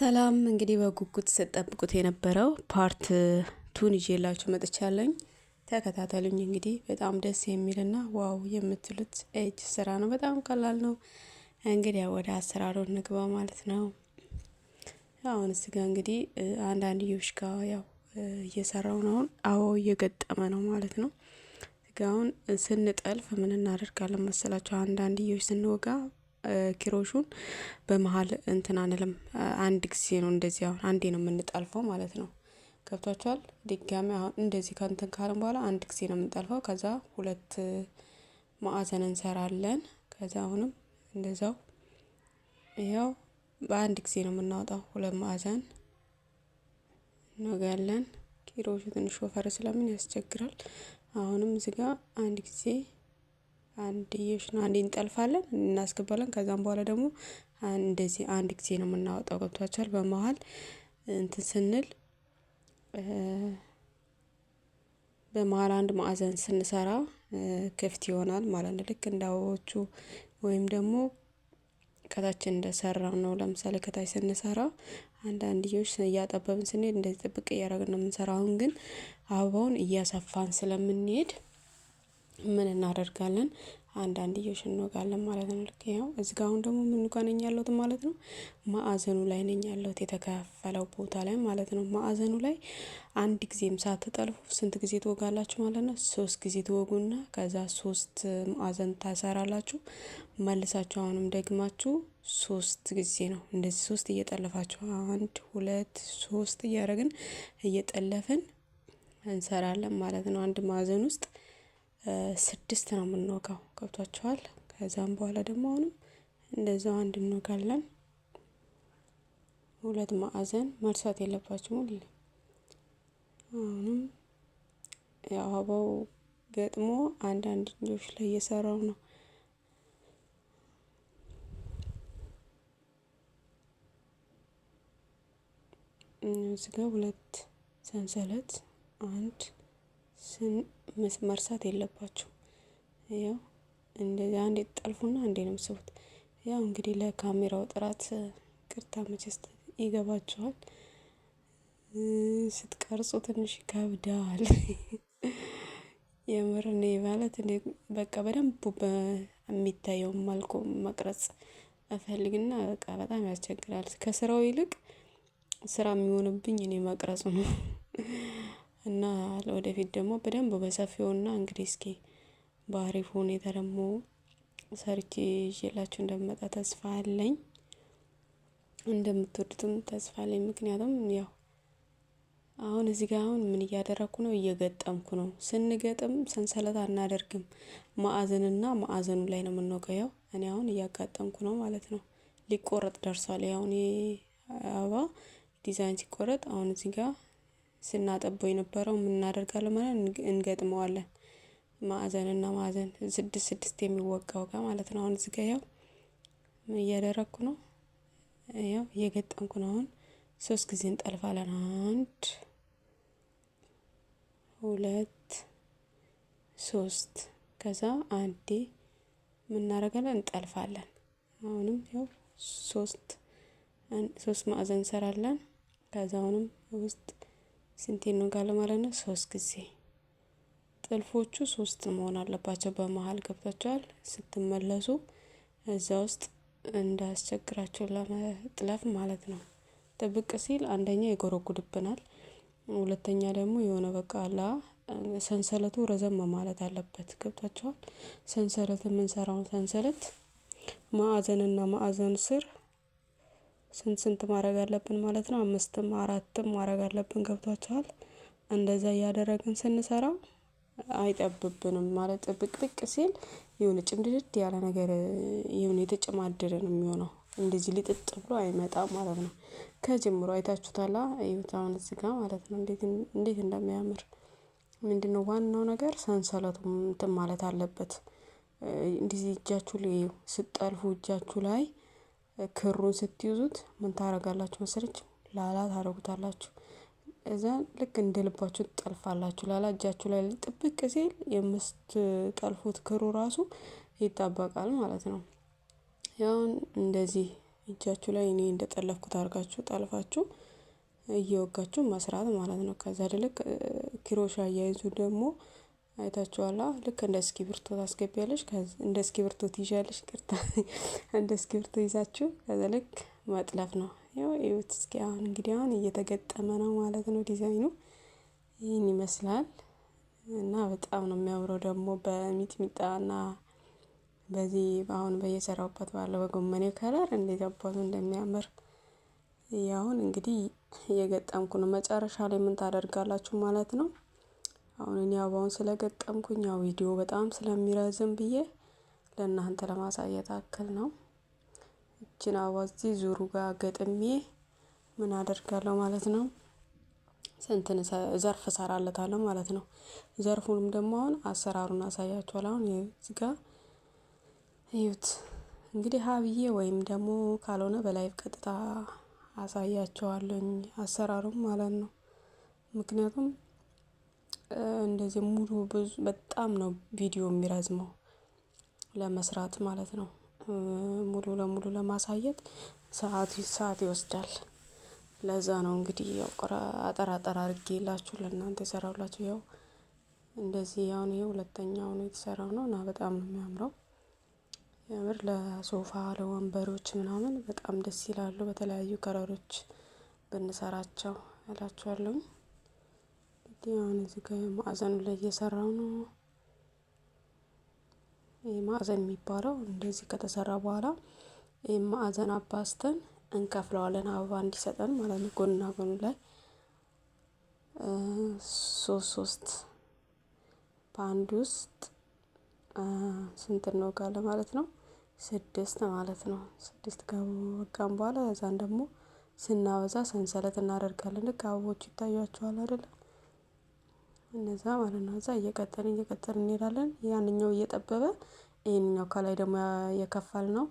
ሰላም እንግዲህ በጉጉት ስጠብቁት የነበረው ፓርት ቱን ይዤላችሁ መጥቻለኝ። ተከታተሉኝ። እንግዲህ በጣም ደስ የሚልና ዋው የምትሉት እጅ ስራ ነው። በጣም ቀላል ነው። እንግዲህ ወደ አሰራሩ እንግባ ማለት ነው። አሁን እስጋ እንግዲህ አንዳንድ ዮሽ ያው እየሰራው ነው። አሁን አዎ እየገጠመ ነው ማለት ነው። ስንጠልፍ ምን እናደርጋለን መሰላቸው? አንዳንድ ዮሽ ስንወጋ ኪሮሹን በመሀል እንትን አንልም። አንድ ጊዜ ነው እንደዚህ አሁን አንዴ ነው የምንጠልፈው ማለት ነው። ገብቷቸዋል። ድጋሚ አሁን እንደዚህ ከንትን ካልን በኋላ አንድ ጊዜ ነው የምንጠልፈው። ከዛ ሁለት ማዕዘን እንሰራለን። ከዛ አሁንም እንደዛው ይኸው በአንድ ጊዜ ነው የምናወጣው። ሁለት ማዕዘን እንወጋለን። ኪሮሹ ትንሽ ወፈር ስለምን ያስቸግራል። አሁንም እዚጋ አንድ ጊዜ አንድዬዎችን አንድ እንጠልፋለን እናስገባለን ከዛም በኋላ ደግሞ እንደዚህ አንድ ጊዜ ነው የምናወጣው ገብቷቸዋል። በመሃል እንትን ስንል በመሃል አንድ ማዕዘን ስንሰራ ክፍት ይሆናል ማለት ነው። ልክ እንደ አበቦቹ ወይም ደግሞ ከታች ነው ለምሳሌ ከታች ስንሰራ አንዳንድዮሽ እያጠበብን ስንሄድ እንደዚህ ጥብቅ እያደረግን ነው የምንሰራው። አሁን ግን አበባውን እያሰፋን ስለምንሄድ ምን እናደርጋለን አንዳንዴ እንወጋለን ማለት ነው። ልክ ያው እዚህ ጋ አሁን ደግሞ ምኑ ነኝ ያለሁት ማለት ነው። ማዕዘኑ ላይ ነኝ ያለሁት የተከፈለው ቦታ ላይ ማለት ነው። ማዕዘኑ ላይ አንድ ጊዜም ሳትጠልፉ ስንት ጊዜ ትወጋላችሁ ማለት ነው? ሶስት ጊዜ ትወጉና ከዛ ሶስት ማዕዘን ታሰራላችሁ። መልሳችሁ አሁንም ደግማችሁ ሶስት ጊዜ ነው እንደዚህ ሶስት እየጠለፋችሁ አንድ ሁለት ሶስት እያደረግን እየጠለፍን እንሰራለን ማለት ነው። አንድ ማዕዘን ውስጥ ስድስት ነው የምንወጋው ገብቷቸዋል። ከዛም በኋላ ደግሞ አሁንም እንደዛው አንድ እንወጋለን። ሁለት ማዕዘን መርሳት የለባችሁም። አሁንም አበባው ገጥሞ አንዳንድ ልጆች ላይ እየሰራው ነው። እዚህ ጋር ሁለት ሰንሰለት አንድ ስን መርሳት የለባችሁ። ያው እንደዚህ አንዴ ጠልፉና አንዴ ነው የምትስቡት። ያው እንግዲህ ለካሜራው ጥራት ቅርታ መቸስት ይገባችኋል። ስትቀርጹ ትንሽ ይከብዳል። የምር እኔ ማለት እኔ በቃ በደንብ በሚታየው መልኩ መቅረጽ እፈልግና በቃ በጣም ያስቸግራል። ከስራው ይልቅ ስራ የሚሆንብኝ እኔ መቅረጹ ነው። እና ለወደፊት ደግሞ በደንብ በሰፊውና እንግዲህ እስኪ በአሪፉ ሁኔታ ደግሞ ሰርቼ ይዤላችሁ እንደምመጣ ተስፋ አለኝ። እንደምትወዱትም ተስፋ አለኝ። ምክንያቱም ያው አሁን እዚህ ጋር አሁን ምን እያደረኩ ነው? እየገጠምኩ ነው። ስንገጥም ሰንሰለት አናደርግም። ማዕዘንና ማዕዘኑ ላይ ነው የምንወቀየው። እኔ አሁን እያጋጠምኩ ነው ማለት ነው። ሊቆረጥ ደርሷል። ያው አበባ ዲዛይን ሲቆረጥ አሁን እዚህ ጋር ስናጠበው የነበረው የምናደርጋለን ማለት እንገጥመዋለን። ማዕዘን እና ማዕዘን ስድስት ስድስት የሚወጋው ጋር ማለት ነው። አሁን እዚጋ ያው ምን እያደረኩ ነው? ያው እየገጠምኩ ነው። አሁን ሶስት ጊዜ እንጠልፋለን። አንድ ሁለት ሶስት ከዛ አንዴ የምናደርጋለን እንጠልፋለን። አሁንም ያው ሶስት ሶስት ማዕዘን እንሰራለን። ከዛ አሁንም ውስጥ ስንቴ እንወጋለን ማለት ነው? ሶስት ጊዜ ጥልፎቹ ሶስት መሆን አለባቸው በመሃል ገብቷቸዋል ስትመለሱ እዛ ውስጥ እንዳያስቸግራቸው ለመጥለፍ ማለት ነው። ጥብቅ ሲል አንደኛ ይጎረጉድብናል ሁለተኛ ደግሞ የሆነ በቃ አላ ሰንሰለቱ ረዘም ማለት አለበት ገብቷችኋል። ሰንሰለት የምንሰራውን ሰንሰለት ማዕዘንና ማዕዘን ስር ስንት ስንት ማድረግ አለብን ማለት ነው። አምስትም አራትም ማድረግ አለብን ገብቷችኋል። እንደዛ እያደረግን ስንሰራ አይጠብብንም ማለት ብቅብቅ ሲል የሆነ ጭምድድድ ያለ ነገር የሆነ የተጨማደደ ነው የሚሆነው። እንደዚህ ሊጥጥ ብሎ አይመጣም ማለት ነው። ከጀምሮ አይታችሁታላ ይሁት አሁን እዚህ ጋር ማለት ነው እንዴት እንደሚያምር ምንድነው ዋናው ነገር ሰንሰለቱም እንትን ማለት አለበት። እንደዚህ እጃችሁ ስጠልፉ እጃችሁ ላይ ክሩን ስትይዙት ምን ታደርጋላችሁ መሰለች ላላ ታደርጉታላችሁ። እዛ ልክ እንደ ልባችሁ ትጠልፋላችሁ ላላ እጃችሁ ላይ ጥብቅ ሲል የምትጠልፉት ክሩ ራሱ ይጣበቃል ማለት ነው። ያውን እንደዚህ እጃችሁ ላይ እኔ እንደጠለፍኩት አድርጋችሁ ጠልፋችሁ እየወጋችሁ መስራት ማለት ነው። ከዛ ድልክ ኪሮሽ አያይዙ ደግሞ አይታችኋላ ልክ እንደ እስኪብርቶ ታስገቢያለሽ እንደ እስኪብርቶ ትይዣለሽ ቅርታ እንደ እስኪብርቶ ይዛችሁ ከዛ ልክ መጥለፍ ነው። ያው ይኸውት እስኪ አሁን እንግዲህ አሁን እየተገጠመ ነው ማለት ነው ዲዛይኑ ይህን ይመስላል። እና በጣም ነው የሚያምረው ደግሞ በሚጥሚጣና በዚህ አሁን በየሰራውበት ባለው በጎመኔው ከለር እንዴት አባቱ እንደሚያምር አሁን እንግዲህ እየገጠምኩ ነው። መጨረሻ ላይ ምን ታደርጋላችሁ ማለት ነው አሁን እኔ አበባውን ስለገጠምኩኝ ያው ቪዲዮ በጣም ስለሚረዝም ብዬ ለእናንተ ለማሳየት አክል ነው። እችን አበባ እዚህ ዙሩ ጋር ገጥሜ ምን አደርጋለሁ ማለት ነው ስንትን ዘርፍ እሰራለታለሁ ማለት ነው። ዘርፉንም ደግሞ አሁን አሰራሩን አሳያችኋል። አሁን እዚህ ጋር እዩት እንግዲህ ሀብዬ ወይም ደግሞ ካልሆነ በላይቭ ቀጥታ አሳያቸዋለኝ አሰራሩም ማለት ነው ምክንያቱም እንደዚህ ሙሉ ብዙ በጣም ነው ቪዲዮ የሚረዝመው ለመስራት ማለት ነው። ሙሉ ለሙሉ ለማሳየት ሰዓት ሰዓት ይወስዳል። ለዛ ነው እንግዲህ ያው አጠር አጠር ላችሁ ለእናንተ የሰራሁላችሁ ያው እንደዚህ ያው ነው ሁለተኛው ነው የተሰራው ነው እና በጣም ነው የሚያምረው። የምር ለሶፋ ለወንበሮች ምናምን በጣም ደስ ይላሉ። በተለያዩ ከለሮች ብንሰራቸው እላችኋለሁኝ። አሁን እዚህ ጋር ማዕዘኑ ላይ እየሰራው ነው። ማዕዘን የሚባለው እንደዚህ ከተሰራ በኋላ ማዕዘን አባስተን እንከፍለዋለን አበባ እንዲሰጠን ማለት ነው። ጎንና ጎኑ ላይ ሶስት ሶስት በአንድ ውስጥ ስንት እንወጋለን ማለት ነው? ስድስት ማለት ነው። ስድስት ከወጋን በኋላ እዛን ደግሞ ስናበዛ ሰንሰለት እናደርጋለን። ልክ አበቦቹ ይታያቸዋል አይደለም? እነዛ ማለት ነው። እዛ እየቀጠልን እየቀጠልን እንሄዳለን። ያንኛው እየጠበበ ይህንኛው ከላይ ደግሞ የከፋል ነው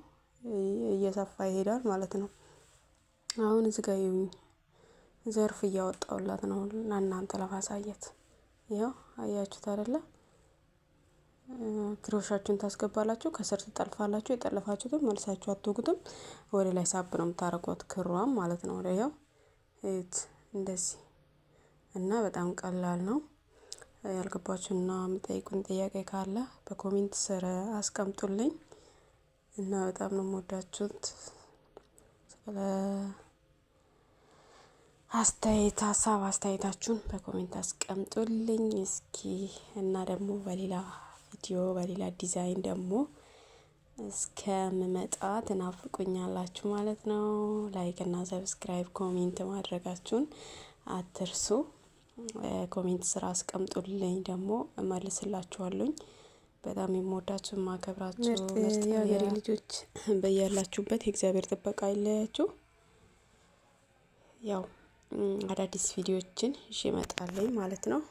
እየሰፋ ይሄዳል ማለት ነው። አሁን እዚ ጋ ይሁኝ ዘርፍ እያወጣውላት ነው ለእናንተ ለማሳየት። ይኸው አያችሁት አይደለ? ክሮሻችሁን ታስገባላችሁ፣ ከስር ትጠልፋላችሁ። የጠለፋችሁትም መልሳችሁ አትወጉትም። ወደ ላይ ሳብ ነው የምታረጓት ክሯም ማለት ነው። ይኸው እንደዚህ እና በጣም ቀላል ነው። ያልገባችሁና የምጠይቁን ጥያቄ ካለ በኮሜንት ስር አስቀምጡልኝ እና በጣም ነው የምወዳችሁት። ስለ አስተያየት ሀሳብ አስተያየታችሁን በኮሜንት አስቀምጡልኝ እስኪ እና ደግሞ በሌላ ቪዲዮ በሌላ ዲዛይን ደግሞ እስከምመጣ ትናፍቁኛላችሁ ማለት ነው። ላይክ እና ሰብስክራይብ ኮሜንት ማድረጋችሁን አትርሱ። ኮሜንት ስራ አስቀምጡልኝ፣ ደግሞ እመልስላችኋለኝ። በጣም የምወዳችሁ የማከብራችሁ የሀገሬ ልጆች በያላችሁበት የእግዚአብሔር ጥበቃ ይለያችሁ ያው አዳዲስ ቪዲዮዎችን ይመጣለኝ ማለት ነው።